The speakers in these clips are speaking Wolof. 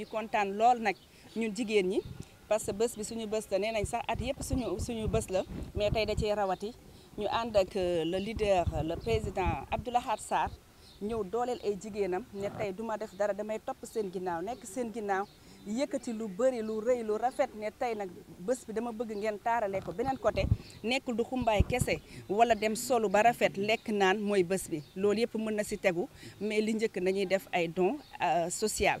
ñu kontaan lool nak ñun jigéen ñi parce que bus bi suñu bés la nee nañ sax at yëpp suñu suñu bés la mais tey da rawati ñu ak euh, le leader le président Abdoulahad Sarr ñëw dooleel ay jigéenam ne tey duma def dara damay topp seen ginnaaw nekk seen ginnaaw yëkkati lu bëri lu rëy lu rafet ne ta ina bus bi dama bëgg ngeen taarale ko kote, côté nekkul du kese wala dem solo ba rafet lekk naan mooy bés bi loolu yëpp mën na si mais li def ay don euh, social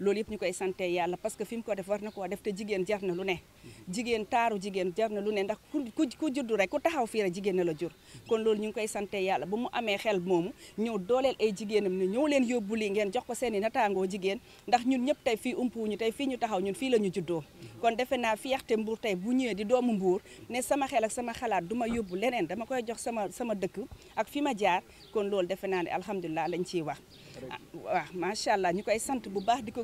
loolu yëpp ñu koy sante yàlla parce que fi mu ko def war na koo def te jigéen jar na lu ne jigéen taaru jigéen jar na lu ne ndax ku ku juddu rek ku taxaw fii rek jigéen na la jur kon loolu ñu ngi koy sante yàlla ba mu amee xel moomu ñëw dooleel ay jigéenam ne ñëw leen yóbbu lii ngeen jox ko seen i nataangoo jigéen ndax ñun ñëpp tey fii ñu tey fii ñu taxaw ñun fii la ñu juddoo kon defe naa fi fierté mbuur tey bu ñëwee di doomu mbuur ne sama xel ak sama xalaat du ma yóbbu leneen dama koy jox sama sama dëkk ak fi ma jaar kon loolu defe naa ne alhamdulilah lañ ciy wax ah, waaw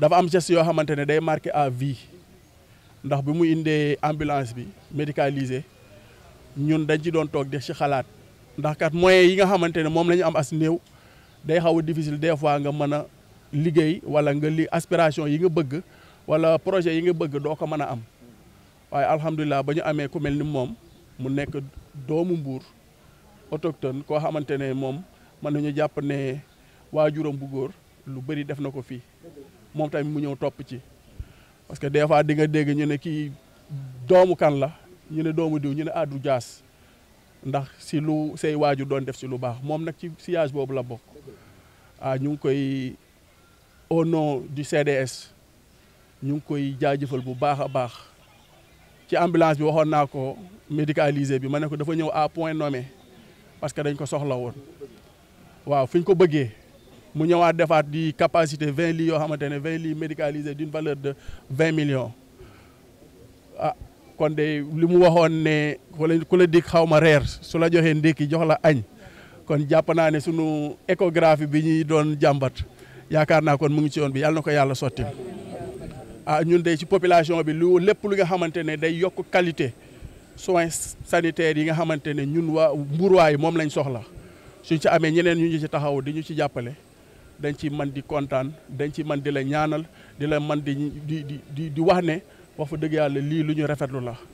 dafa am geste yoo xamante ne day marqué à vie ndax bi mu indee ambulance bi médicalisé ñun dañ ci doon toog di ci xalaat ndax kat moyens yi nga xamante ne moom lañu am as néew day xaw a difficile des fois nga mën a liggéey wala nga li aspiration yi nga bëgg wala projet yi nga bëgg doo ko mën a am waaye alhamdulilah ba ñu amee ku mel ni moom mu nekk doomu mbuur autochtone koo xamante ne moom mën nañu jàpp ne waa bu góor lu bëri def na ko fii moom tamit mu ñëw topp ci parce que des fois di nga dégg ñu ne kii doomu kan la ñu ne doomu diw ñu ne addu ah, jaas ndax si lu say waaju doon def si lu baax moom nag ci sillage boobu la bokk ah ñu ngi koy au nom du CDS ñu ngi koy jaajëfal bu baax a baax ci ambulance bi waxoon naa ko médicalisé bi ma ne ko dafa ñëw à point nommé parce que dañ ko soxla woon waaw fi ñu ko bëggee mu ñëwaat defaat di capacité vingt lits yoo xamante ne vingt lits médicalisés d'une valeur de vingt million a ah, kon de li mu waxoon ne wala ku la dikk xaw ma reer su la joxee ndékki jox la añ kon jàpp naa ne sunu échographie bi ñuy doon jàmbat yaakaar naa kon mu ngi ci yoon bi yàlla na ko yàlla sottil ah ñun day ci population bi lu lépp lu nga xamante ne day yokk qualité soins sanitaires yi nga xamante ne ñun waa mbuurwaay moom lañ soxla suñ ci amee ñeneen ñu ñu ci taxaw di ci jàppale dañ ci man di kontaan dañu ci man di la ñaanal di la man di di di di wax ne wax fa dëgg yàlla lii lu ñu rafetlu la